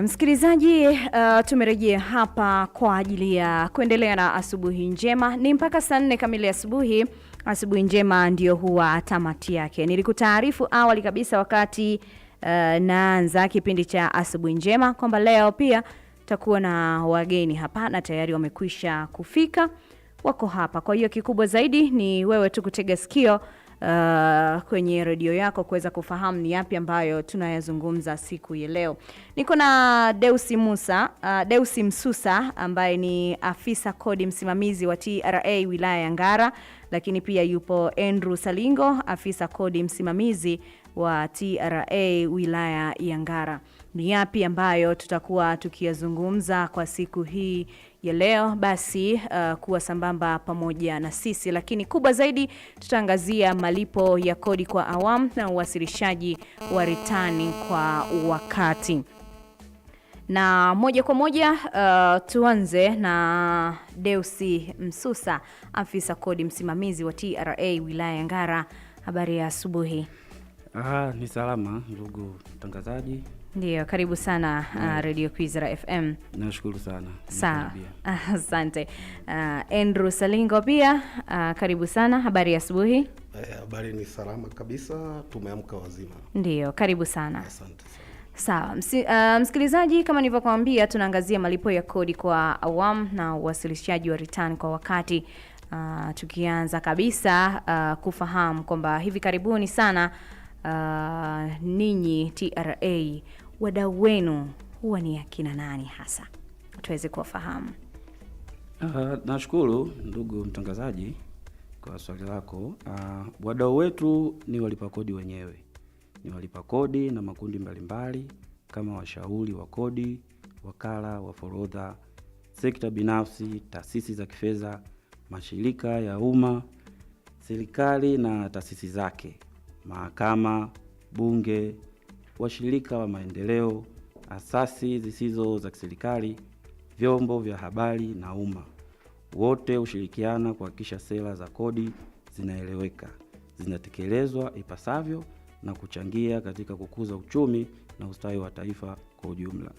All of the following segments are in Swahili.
Haya msikilizaji, uh, tumerejea hapa kwa ajili ya kuendelea na asubuhi njema. Ni mpaka saa nne kamili asubuhi. Asubuhi njema ndiyo huwa tamati yake. Nilikutaarifu awali kabisa wakati uh, naanza kipindi cha asubuhi njema kwamba leo pia tutakuwa na wageni hapa na tayari wamekwisha kufika, wako hapa. Kwa hiyo kikubwa zaidi ni wewe tu kutega sikio uh, kwenye redio yako kuweza kufahamu ni yapi ambayo tunayazungumza siku ya leo. Niko na Deusi Musa, uh, Deusi Msusa ambaye ni afisa kodi msimamizi wa TRA wilaya ya Ngara, lakini pia yupo Andrew Salingo, afisa kodi msimamizi wa TRA wilaya ya Ngara. Ni yapi ambayo tutakuwa tukiyazungumza kwa siku hii ya leo, basi uh, kuwa sambamba pamoja na sisi, lakini kubwa zaidi tutaangazia malipo ya kodi kwa awamu na uwasilishaji wa ritani kwa wakati na moja kwa moja uh, tuanze na Deusi Msusa, afisa kodi msimamizi wa TRA wilaya ya Ngara. Habari ya asubuhi. Ah, ni salama ndugu mtangazaji Ndiyo, karibu sana Uh, Radio Kwizera FM. Nashukuru sana. Sawa. Asante. Uh, Andrew Salingo pia uh, karibu sana. Habari ya asubuhi. Eh, habari ni salama kabisa, tumeamka wazima. Ndiyo, karibu sana. Asante Sawa msi, uh, msikilizaji, kama nilivyokuambia, tunaangazia malipo ya kodi kwa awamu na uwasilishaji wa return kwa wakati. Uh, tukianza kabisa uh, kufahamu kwamba hivi karibuni sana uh, ninyi TRA wadau wenu huwa ni akina nani hasa, tuweze kuwafahamu? Uh, nashukuru ndugu mtangazaji kwa swali lako. Uh, wadau wetu ni walipa kodi wenyewe, ni walipa kodi na makundi mbalimbali kama washauri wa kodi, wakala wa forodha, sekta binafsi, taasisi za kifedha, mashirika ya umma, serikali na taasisi zake, mahakama, bunge washirika wa maendeleo, asasi zisizo za kiserikali, vyombo vya habari na umma. Wote hushirikiana kuhakikisha sera za kodi zinaeleweka, zinatekelezwa ipasavyo na kuchangia katika kukuza uchumi na ustawi wa taifa kwa ujumla.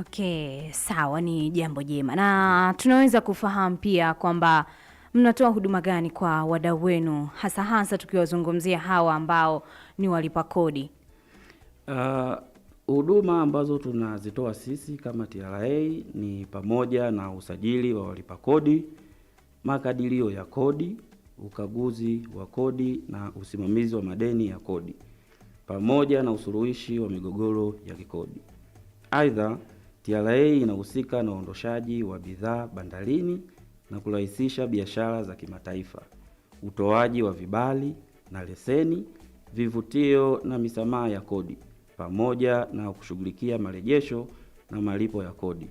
Okay, sawa, ni jambo jema, na tunaweza kufahamu pia kwamba mnatoa huduma gani kwa wadau wenu, hasa hasa tukiwazungumzia hawa ambao ni walipa kodi? Uh, huduma uh, ambazo tunazitoa sisi kama TRA ni pamoja na usajili wa walipa kodi, makadirio ya kodi, ukaguzi wa kodi na usimamizi wa madeni ya kodi pamoja na usuluhishi wa migogoro ya kikodi. Aidha, TRA inahusika na uondoshaji wa bidhaa bandarini na kurahisisha biashara za kimataifa, utoaji wa vibali na leseni, vivutio na misamaha ya kodi pamoja na kushughulikia marejesho na malipo ya kodi.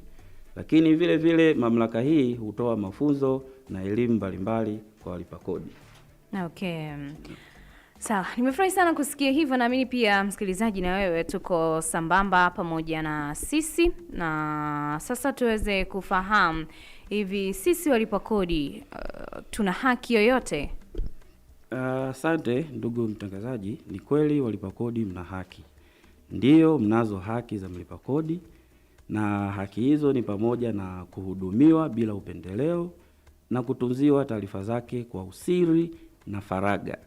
Lakini vile vile mamlaka hii hutoa mafunzo na elimu mbalimbali kwa walipa kodi. Okay. Sawa, nimefurahi sana kusikia hivyo. Naamini pia msikilizaji, na wewe tuko sambamba pamoja na sisi, na sasa tuweze kufahamu hivi sisi walipa kodi uh, tuna haki yoyote? Uh, asante uh, ndugu mtangazaji, ni kweli walipa kodi mna haki Ndiyo, mnazo haki za mlipa kodi na haki hizo ni pamoja na kuhudumiwa bila upendeleo na kutunziwa taarifa zake kwa usiri na faragha,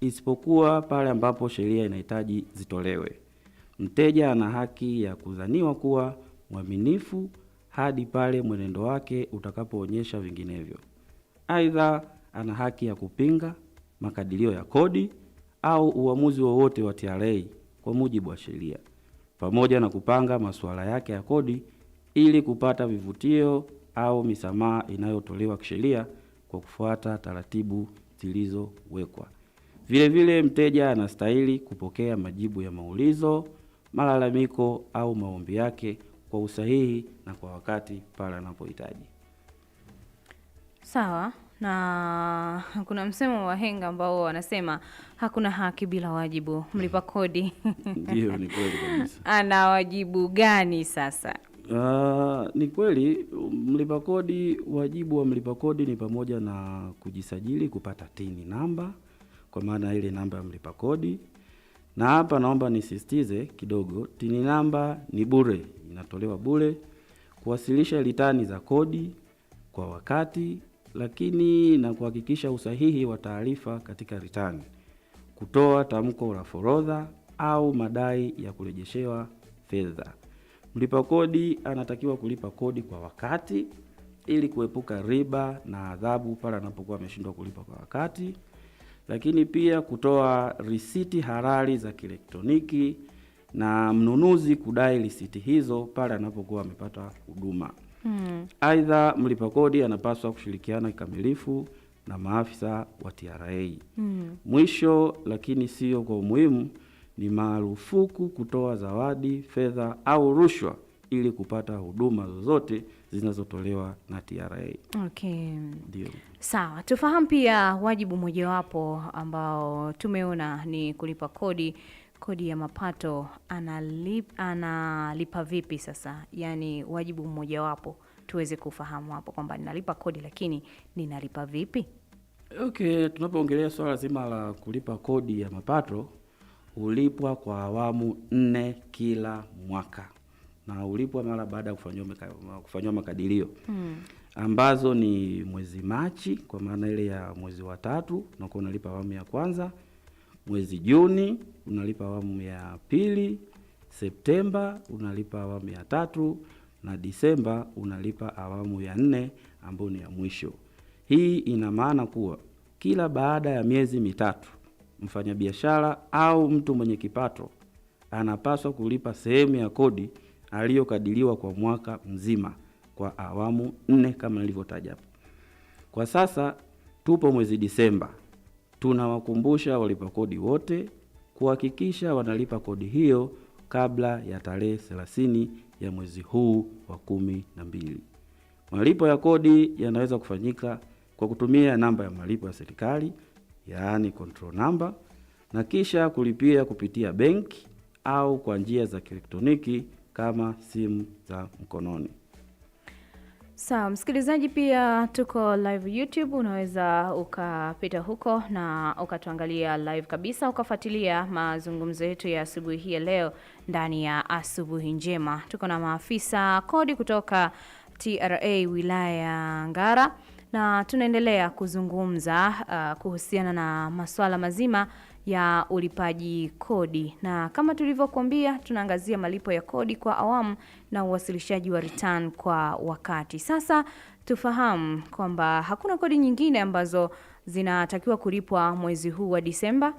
isipokuwa pale ambapo sheria inahitaji zitolewe. Mteja ana haki ya kudhaniwa kuwa mwaminifu hadi pale mwenendo wake utakapoonyesha vinginevyo. Aidha, ana haki ya kupinga makadirio ya kodi au uamuzi wowote wa TRA kwa mujibu wa sheria, pamoja na kupanga masuala yake ya kodi ili kupata vivutio au misamaha inayotolewa kisheria kwa kufuata taratibu zilizowekwa. Vilevile, mteja anastahili kupokea majibu ya maulizo, malalamiko au maombi yake kwa usahihi na kwa wakati pale anapohitaji. Sawa na kuna msemo wa henga ambao wanasema hakuna haki bila wajibu. Mlipa kodi ndio ni kweli kabisa. Ana wajibu gani sasa? Uh, ni kweli mlipa kodi, wajibu wa mlipa kodi ni pamoja na kujisajili kupata tini namba, kwa maana ile namba ya mlipa kodi. Na hapa naomba nisisitize kidogo, tini namba ni bure, inatolewa bure. Kuwasilisha litani za kodi kwa wakati lakini na kuhakikisha usahihi wa taarifa katika ritani, kutoa tamko la forodha au madai ya kurejeshewa fedha. Mlipa kodi anatakiwa kulipa kodi kwa wakati ili kuepuka riba na adhabu pale anapokuwa ameshindwa kulipa kwa wakati, lakini pia kutoa risiti halali za kielektroniki na mnunuzi kudai risiti hizo pale anapokuwa amepata huduma. Hmm. Aidha, mlipa kodi anapaswa kushirikiana kikamilifu na maafisa wa TRA. Mm. Mwisho lakini sio kwa umuhimu, ni marufuku kutoa zawadi, fedha au rushwa ili kupata huduma zozote zinazotolewa na TRA. Okay. Ndio. Sawa, tufahamu pia wajibu mojawapo ambao tumeona ni kulipa kodi kodi ya mapato analip, analipa vipi sasa? Yaani wajibu mmojawapo tuweze kufahamu hapo kwamba ninalipa kodi lakini ninalipa vipi? Okay, tunapoongelea swala zima la kulipa kodi ya mapato hulipwa kwa awamu nne kila mwaka na hulipwa mara baada ya kufanyiwa makadirio hmm, ambazo ni mwezi Machi kwa maana ile ya mwezi wa tatu, unakuwa unalipa awamu ya kwanza mwezi Juni unalipa awamu ya pili, Septemba unalipa awamu ya tatu na Disemba unalipa awamu ya nne ambayo ni ya mwisho. Hii ina maana kuwa kila baada ya miezi mitatu mfanyabiashara au mtu mwenye kipato anapaswa kulipa sehemu ya kodi aliyokadiriwa kwa mwaka mzima kwa awamu nne kama nilivyotaja hapo. Kwa sasa tupo mwezi Disemba. Tunawakumbusha walipa kodi wote kuhakikisha wanalipa kodi hiyo kabla ya tarehe 30 ya mwezi huu wa kumi na mbili. Malipo ya kodi yanaweza kufanyika kwa kutumia namba ya malipo ya serikali yaani control number, na kisha kulipia kupitia benki au kwa njia za kielektroniki kama simu za mkononi. Sawa msikilizaji, pia tuko live YouTube, unaweza ukapita huko na ukatuangalia live kabisa, ukafuatilia mazungumzo yetu ya asubuhi hii ya leo ndani ya asubuhi njema. Tuko na maafisa kodi kutoka TRA wilaya ya Ngara na tunaendelea kuzungumza uh, kuhusiana na masuala mazima ya ulipaji kodi, na kama tulivyokuambia, tunaangazia malipo ya kodi kwa awamu na uwasilishaji wa return kwa wakati. Sasa tufahamu kwamba hakuna kodi nyingine ambazo zinatakiwa kulipwa mwezi huu wa Disemba.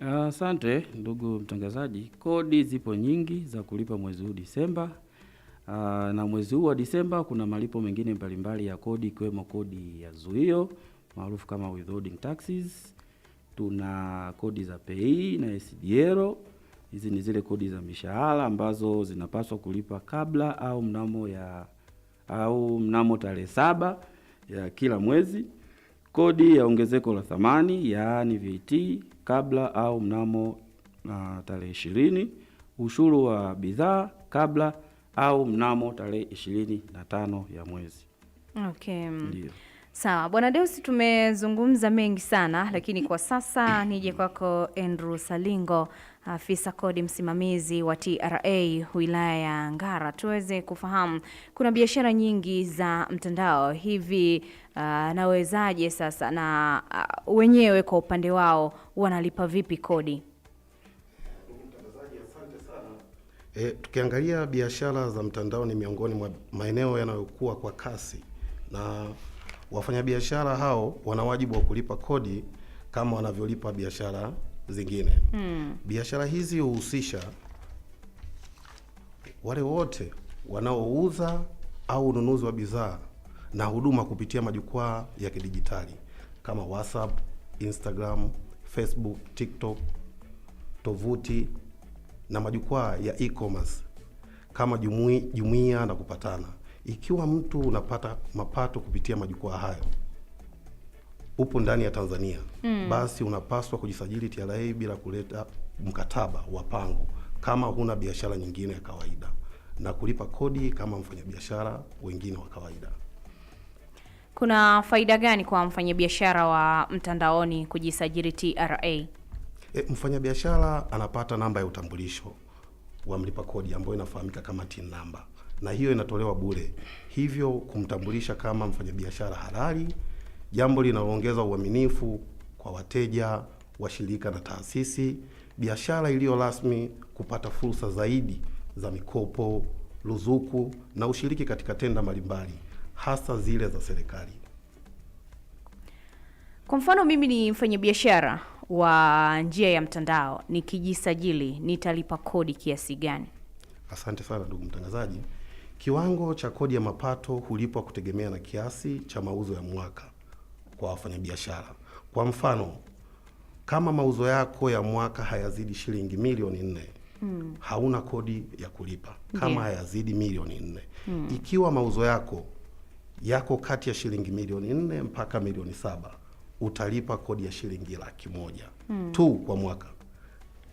Asante uh, ndugu mtangazaji, kodi zipo nyingi za kulipa mwezi huu Disemba. Uh, na mwezi huu wa Disemba kuna malipo mengine mbalimbali ya kodi ikiwemo kodi ya zuio maarufu kama withholding taxes, tuna kodi za pei na SDR. Hizi ni zile kodi za mishahara ambazo zinapaswa kulipa kabla au mnamo ya au mnamo tarehe saba ya kila mwezi, kodi ya ongezeko la thamani yaani VAT kabla au mnamo uh, tarehe ishirini, ushuru wa bidhaa kabla au mnamo tarehe ishirini na tano ya mwezi. Okay. Ndiyo. Sawa Bwana Deus, tumezungumza mengi sana, lakini kwa sasa nije kwako Andrew Salingo, afisa kodi msimamizi wa TRA wilaya ya Ngara, tuweze kufahamu kuna biashara nyingi za mtandao hivi. Uh, nawezaje sasa na uh, wenyewe kwa upande wao wanalipa vipi kodi? E, tukiangalia biashara za mtandao ni miongoni mwa maeneo yanayokuwa kwa kasi na wafanyabiashara hao wana wajibu wa kulipa kodi kama wanavyolipa biashara zingine. Hmm. Biashara hizi huhusisha wale wote wanaouza au ununuzi wa bidhaa na huduma kupitia majukwaa ya kidijitali kama WhatsApp, Instagram, Facebook, TikTok, tovuti na majukwaa ya e-commerce kama jumuiya na kupatana. Ikiwa mtu unapata mapato kupitia majukwaa hayo, upo ndani ya Tanzania mm. basi unapaswa kujisajili TRA bila kuleta mkataba wa pango kama huna biashara nyingine ya kawaida na kulipa kodi kama mfanyabiashara wengine wa kawaida. Kuna faida gani kwa mfanyabiashara wa mtandaoni kujisajili TRA? E, mfanyabiashara anapata namba ya utambulisho wa mlipa kodi ambayo inafahamika kama TIN namba na hiyo inatolewa bure, hivyo kumtambulisha kama mfanyabiashara halali, jambo linaloongeza uaminifu kwa wateja, washirika na taasisi. Biashara iliyo rasmi kupata fursa zaidi za mikopo, ruzuku na ushiriki katika tenda mbalimbali, hasa zile za serikali. Kwa mfano, mimi ni mfanyabiashara wa njia ya mtandao, nikijisajili nitalipa kodi kiasi gani? Asante sana ndugu mtangazaji. Kiwango cha kodi ya mapato hulipwa kutegemea na kiasi cha mauzo ya mwaka kwa wafanyabiashara. Kwa mfano, kama mauzo yako ya mwaka hayazidi shilingi milioni nne hmm. hauna kodi ya kulipa kama yeah. hayazidi milioni nne hmm. ikiwa mauzo yako yako kati ya shilingi milioni nne mpaka milioni saba utalipa kodi ya shilingi laki moja hmm. tu kwa mwaka,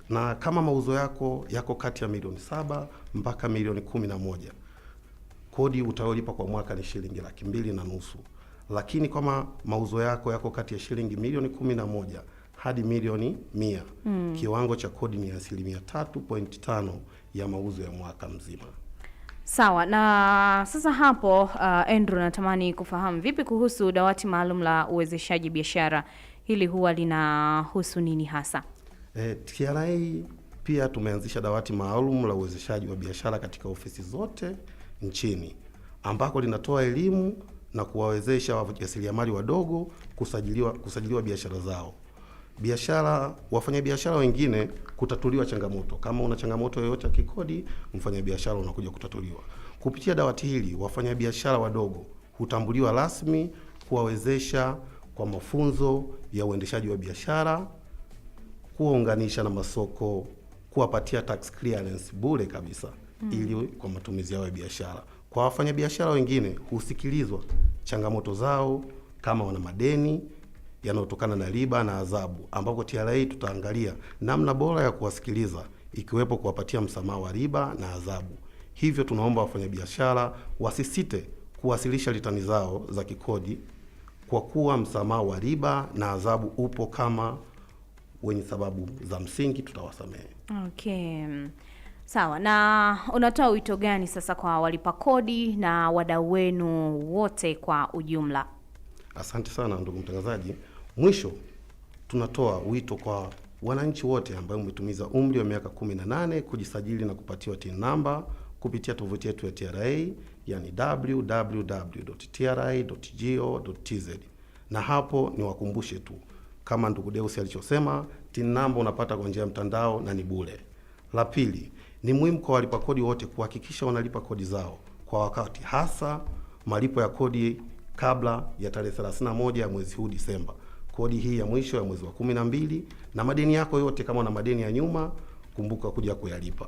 na kama mauzo yako yako kati ya milioni saba mpaka milioni kumi na moja kodi utayolipa kwa mwaka ni shilingi laki mbili na nusu, lakini kama mauzo yako yako kati ya shilingi milioni kumi na moja hadi milioni mia mm. kiwango cha kodi ni asilimia tatu pointi tano ya mauzo ya mwaka mzima. Sawa na sasa hapo, uh, Andrew, natamani kufahamu vipi kuhusu dawati maalum la uwezeshaji biashara, hili huwa linahusu nini hasa? E, eh, TRA pia tumeanzisha dawati maalum la uwezeshaji wa biashara katika ofisi zote nchini ambako linatoa elimu na kuwawezesha wajasiriamali wadogo kusajiliwa, kusajiliwa biashara zao biashara wafanyabiashara wengine kutatuliwa changamoto. Kama una changamoto yoyote ya kikodi, mfanyabiashara unakuja kutatuliwa kupitia dawati hili. Wafanyabiashara wadogo hutambuliwa rasmi, kuwawezesha kwa mafunzo ya uendeshaji wa biashara, kuwaunganisha na masoko, kuwapatia tax clearance bure kabisa mm. ili kwa matumizi yao ya biashara. Kwa wafanyabiashara wengine husikilizwa changamoto zao, kama wana madeni yanayotokana na riba na adhabu, ambapo TRA tutaangalia namna bora ya kuwasikiliza ikiwepo kuwapatia msamaha wa riba na adhabu. Hivyo tunaomba wafanyabiashara wasisite kuwasilisha litani zao za kikodi kwa kuwa msamaha wa riba na adhabu upo kama wenye sababu za msingi, tutawasamehe. Okay. Sawa. Na unatoa wito gani sasa kwa walipa kodi na wadau wenu wote kwa ujumla? Asante sana ndugu mtangazaji. Mwisho tunatoa wito kwa wananchi wote ambao umetumiza umri wa miaka 18 kujisajili na kupatiwa TIN namba kupitia tovuti yetu ya TRA yani www.tra.go.tz. Na hapo ni wakumbushe tu kama ndugu Deus alichosema, TIN namba unapata kwa njia ya mtandao na ni bure. La pili ni muhimu kwa walipa kodi wote kuhakikisha wanalipa kodi zao kwa wakati, hasa malipo ya kodi kabla ya tarehe 31 ya mwezi huu Disemba, kodi hii ya mwisho ya mwezi wa kumi mbili, na madeni yako yote. Kama una madeni ya nyuma, kumbuka kuja kuyalipa.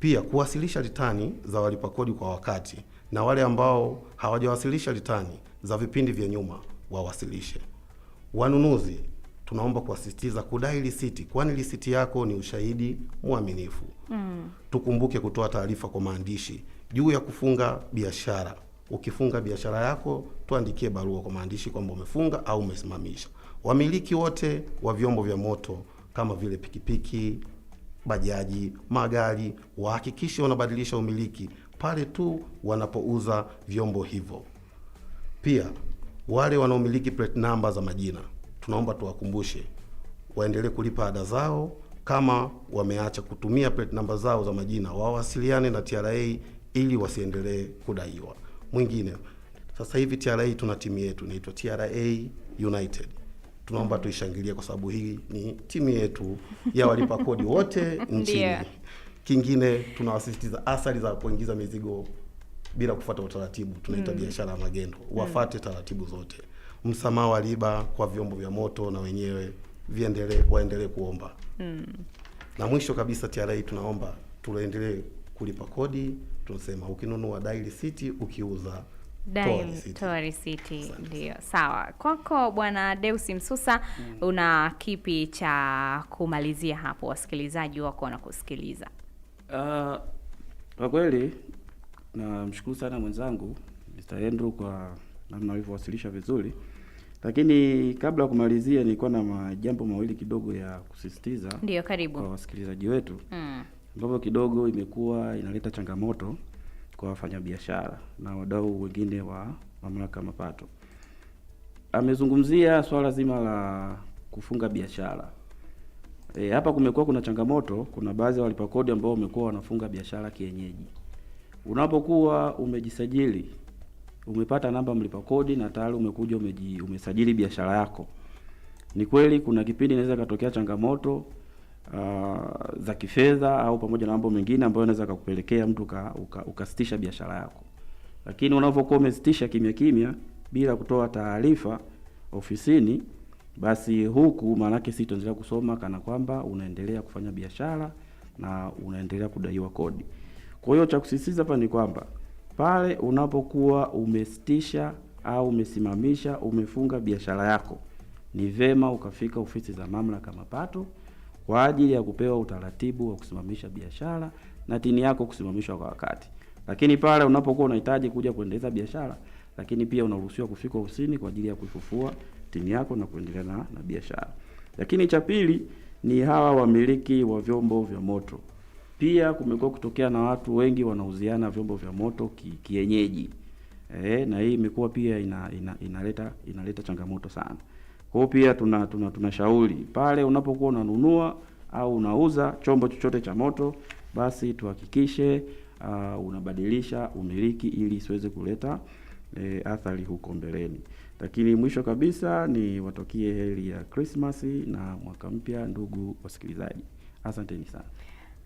Pia kuwasilisha ritani za walipa kodi kwa wakati, na wale ambao hawajawasilisha ritani za vipindi vya nyuma wawasilishe. Wanunuzi tunaomba kuasisitiza kudai risiti, kwani risiti yako ni ushahidi mwaminifu. Mm. Tukumbuke kutoa taarifa kwa maandishi juu ya kufunga biashara. Ukifunga biashara yako, tuandikie barua kwa maandishi kwamba umefunga au umesimamisha. Wamiliki wote wa vyombo vya moto kama vile pikipiki, bajaji, magari wahakikishe wanabadilisha umiliki pale tu wanapouza vyombo hivyo. Pia wale wanaomiliki plate namba za majina tunaomba tuwakumbushe waendelee kulipa ada zao. Kama wameacha kutumia plate namba zao za majina, wawasiliane na TRA ili wasiendelee kudaiwa. Mwingine, sasa hivi TRA tuna timu yetu inaitwa TRA United. Tunaomba tuishangilie kwa sababu hii ni timu yetu ya walipa kodi wote nchini. Yeah. Kingine tunawasisitiza athari za kuingiza mizigo bila kufuata utaratibu tunaita mm. biashara ya magendo. Mm. Wafate taratibu zote msamaha wa riba kwa vyombo vya moto na wenyewe viendelee waendelee kuomba mm. Na mwisho kabisa, TRA tunaomba tuendelee kulipa kodi. Tunasema ukinunua dai risiti, ukiuza toa risiti. Ndio, sawa. Kwako Bwana Deus Msusa, mm. una kipi cha kumalizia hapo? Wasikilizaji wako wanakusikiliza. Uh, kwa kweli namshukuru sana mwenzangu Mr. Andrew kwa namna alivyowasilisha vizuri. Lakini kabla ya kumalizia, nilikuwa na majambo mawili kidogo ya kusisitiza. Ndio, karibu kwa wasikilizaji wetu ambavyo mm. kidogo imekuwa inaleta changamoto kwa wafanyabiashara na wadau wengine wa mamlaka ya mapato. Amezungumzia swala zima la kufunga biashara. E, hapa kumekuwa kuna changamoto. Kuna baadhi ya walipa kodi ambao wamekuwa wanafunga biashara kienyeji. Unapokuwa umejisajili umepata namba mlipa kodi na tayari umekuja umeji, umesajili biashara yako. Ni kweli kuna kipindi inaweza katokea changamoto uh, za kifedha au pamoja na mambo mengine ambayo inaweza kukupelekea mtu ukasitisha uka biashara yako, lakini unapokuwa umesitisha kimya kimya bila kutoa taarifa ofisini, basi huku maanake si tuendelea kusoma kana kwamba unaendelea kufanya biashara na unaendelea kudaiwa kodi. Kwa hiyo cha kusisitiza hapa ni kwamba pale unapokuwa umesitisha au umesimamisha, umefunga biashara yako, ni vema ukafika ofisi za mamlaka mapato kwa ajili ya kupewa utaratibu wa kusimamisha biashara na tini yako kusimamishwa kwa wakati. Lakini pale unapokuwa unahitaji kuja kuendeleza biashara, lakini pia unaruhusiwa kufika ofisini kwa ajili ya kuifufua tini yako na kuendelea na biashara. Lakini cha pili ni hawa wamiliki wa vyombo vya moto. Pia kumekuwa kutokea na watu wengi wanauziana vyombo vya moto ki, kienyeji e, na hii imekuwa pia ina, ina, inaleta inaleta changamoto sana. Kwa hiyo pia tuna tunashauri tuna pale unapokuwa unanunua au unauza chombo chochote cha moto, basi tuhakikishe uh, unabadilisha umiliki ili isiweze kuleta E, athari huko mbeleni. Lakini mwisho kabisa ni watokie heri ya Krismasi na mwaka mpya, ndugu wasikilizaji, asanteni sana.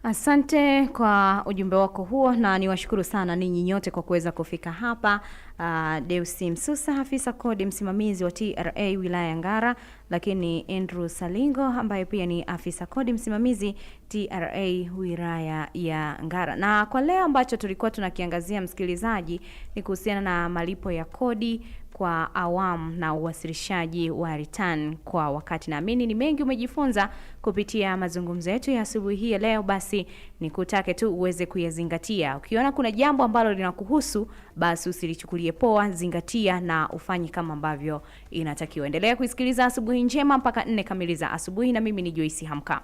Asante kwa ujumbe wako huo na niwashukuru sana ninyi nyote kwa kuweza kufika hapa. Uh, Deusi Msusa, afisa kodi msimamizi wa TRA wilaya ya Ngara, lakini Andrew Salingo ambaye pia ni afisa kodi msimamizi TRA wilaya ya Ngara. Na kwa leo ambacho tulikuwa tunakiangazia msikilizaji, ni kuhusiana na malipo ya kodi kwa awamu na uwasilishaji wa return kwa wakati. Naamini ni mengi umejifunza kupitia mazungumzo yetu ya asubuhi hii ya leo, basi nikutake tu uweze kuyazingatia. Ukiona kuna jambo ambalo linakuhusu, basi usilichukulie poa, zingatia na ufanye kama ambavyo inatakiwa. Endelea kuisikiliza Asubuhi Njema mpaka nne kamili za asubuhi, na mimi ni Joyce Hamka.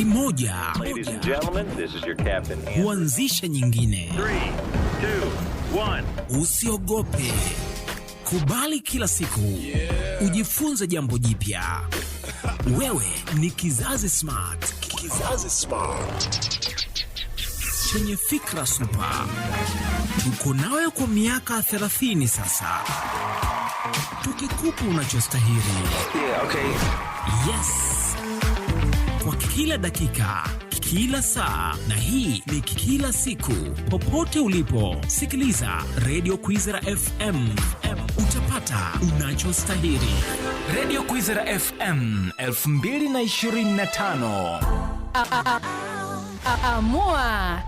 safari moja huanzisha nyingine. Usiogope, kubali kila siku yeah. Ujifunze jambo jipya wewe ni kizazi smart, kizazi smart chenye fikra supa. Tuko nawe kwa miaka 30 sasa, tukikupa unachostahili. Yeah, okay. Yes kwa kila dakika, kila saa na hii ni kila siku. Popote ulipo, sikiliza Radio Kwizera FM, utapata unachostahili. Radio Kwizera FM 2025 amua